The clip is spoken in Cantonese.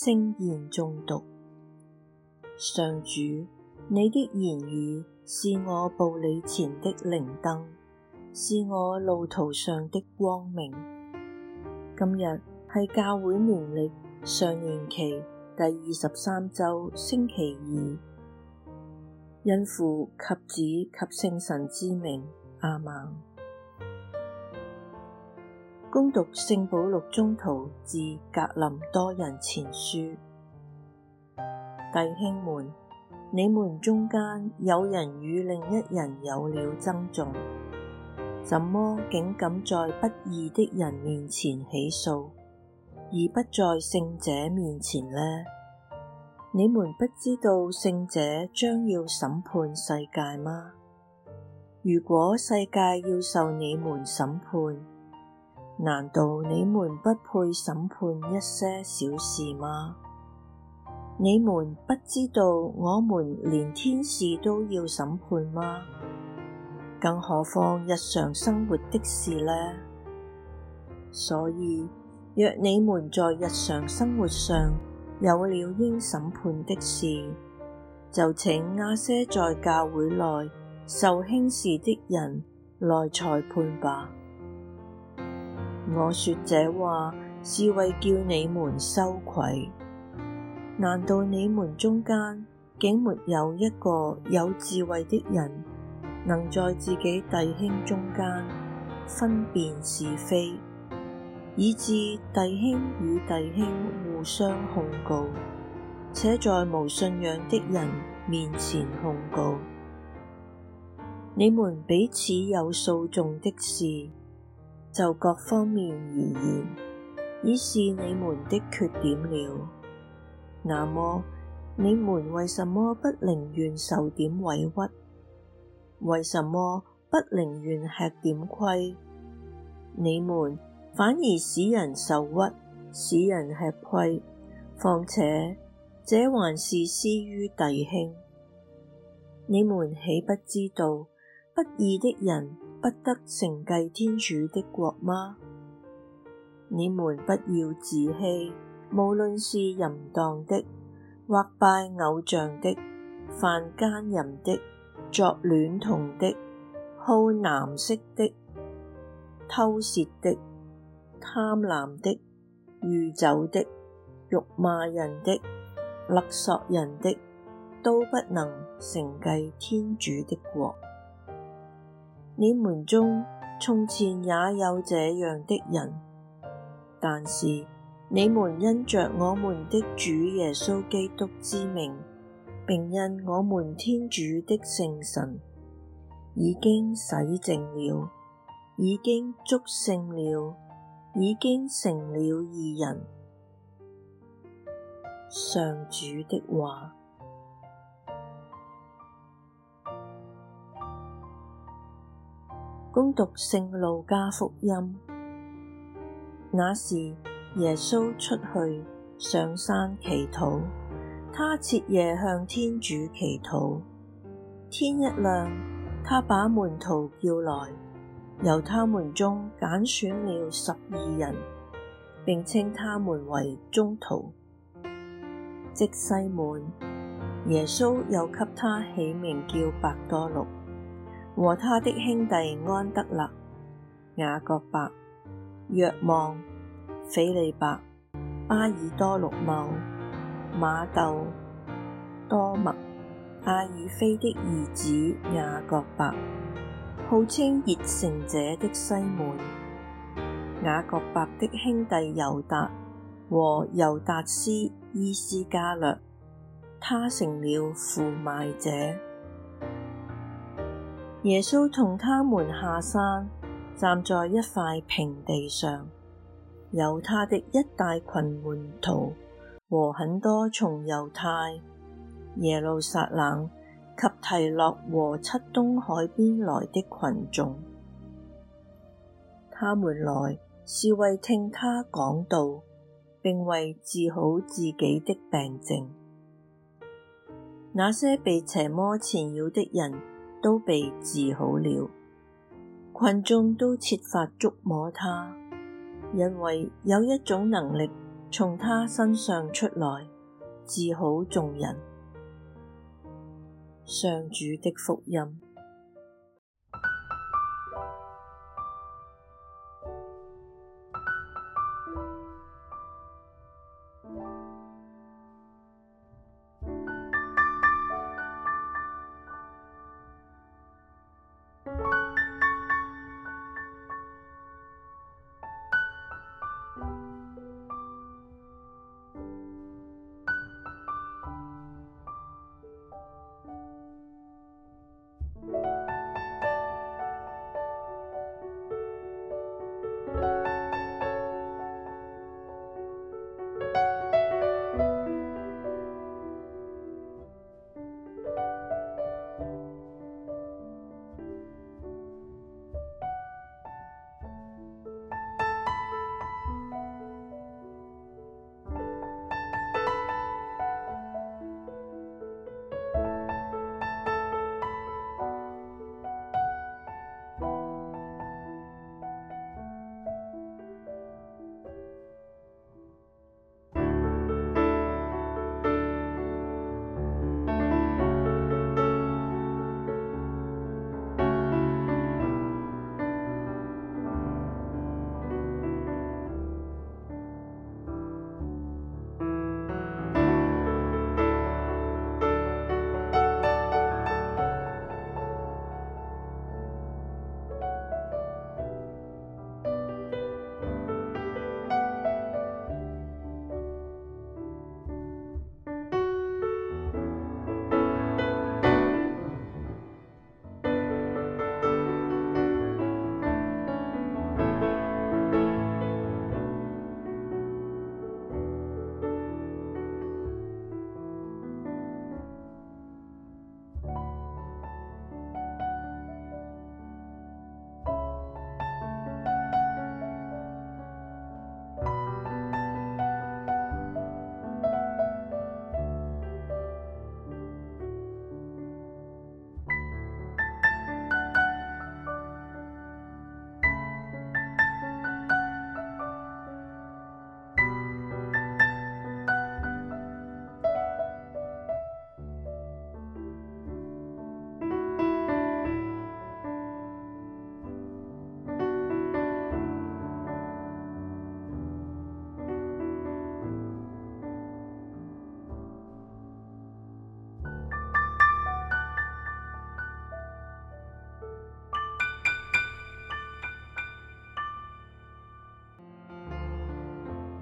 聖言誦讀。上主，你的言語是我步履前的靈燈，是我路途上的光明。今日係教會年曆上常年期第二十三周星期二，因父及子及聖神之名，阿門。恭讀聖保祿宗徒致格林多人前書，弟兄們，你們中間有人與另一人有了爭訟，怎麼竟敢在不義的人面前起訴，而不在聖者面前呢？你們不知道聖者將要審判世界嗎？如果世界要受你們審判，難道你們不配審判一些小事嗎？你們不知道我們連天使都要審判嗎？更何況日常生活的事呢？所以，若你們在日常生活上有了應審判的事，就請那些在教會內受輕視的人來裁判吧。我說這話，是為叫你們羞愧。難道你們中間竟沒有一個有智慧的人，能在自己弟兄中間分辨是非，以致弟兄與弟兄互相控告，且在無信仰的人面前控告？你們彼此有訴訟的事。就各方面而言，已是你們的缺點了。那麼你們為什麼不寧願受點委屈？為什麼不寧願吃點虧？你們反而使人受屈，使人吃虧，況且這還是施於弟兄。你們豈不知道不義的人，不得承繼天主的國嗎？你們不要自欺，無論是淫蕩的，或拜偶像的，犯姦淫的，作孌童的，好男色的，偷竊的，貪婪的，酗酒的，辱罵人的，勒索人的，都不能承繼天主的國。你們中從前也有這樣的人，但是你們因着我們的主耶穌基督之名，並因我們天主的聖神，已經洗淨了，已經祝聖了，已經成了義人。上主的話。恭讀《聖路加福音》，那時耶穌出去，上山祈禱，他徹夜向天主祈禱。天一亮，他把門徒叫來，由他們中揀選了十二人，並稱他們為宗徒。即西滿，耶穌又給他起名叫伯多祿，和他的兄弟安德肋、雅各伯、若望、斐理伯、巴爾多祿茂、馬竇、多默、阿耳斐的兒子雅各伯、號稱熱誠者的西滿、雅各伯的兄弟猶達和猶達斯依斯加略，他成了負賣者。耶穌同他們下山，站在一塊平地上，有他的一大群門徒和很多從猶太、耶路撒冷及提洛和漆冬海邊來的群眾。他們來是為聽他講道，並為治好自己的病症。那些被邪魔纏擾的人，都被治好了。群眾都設法觸摸他，因為有一種能力從他身上出來，治好眾人。上主的福音。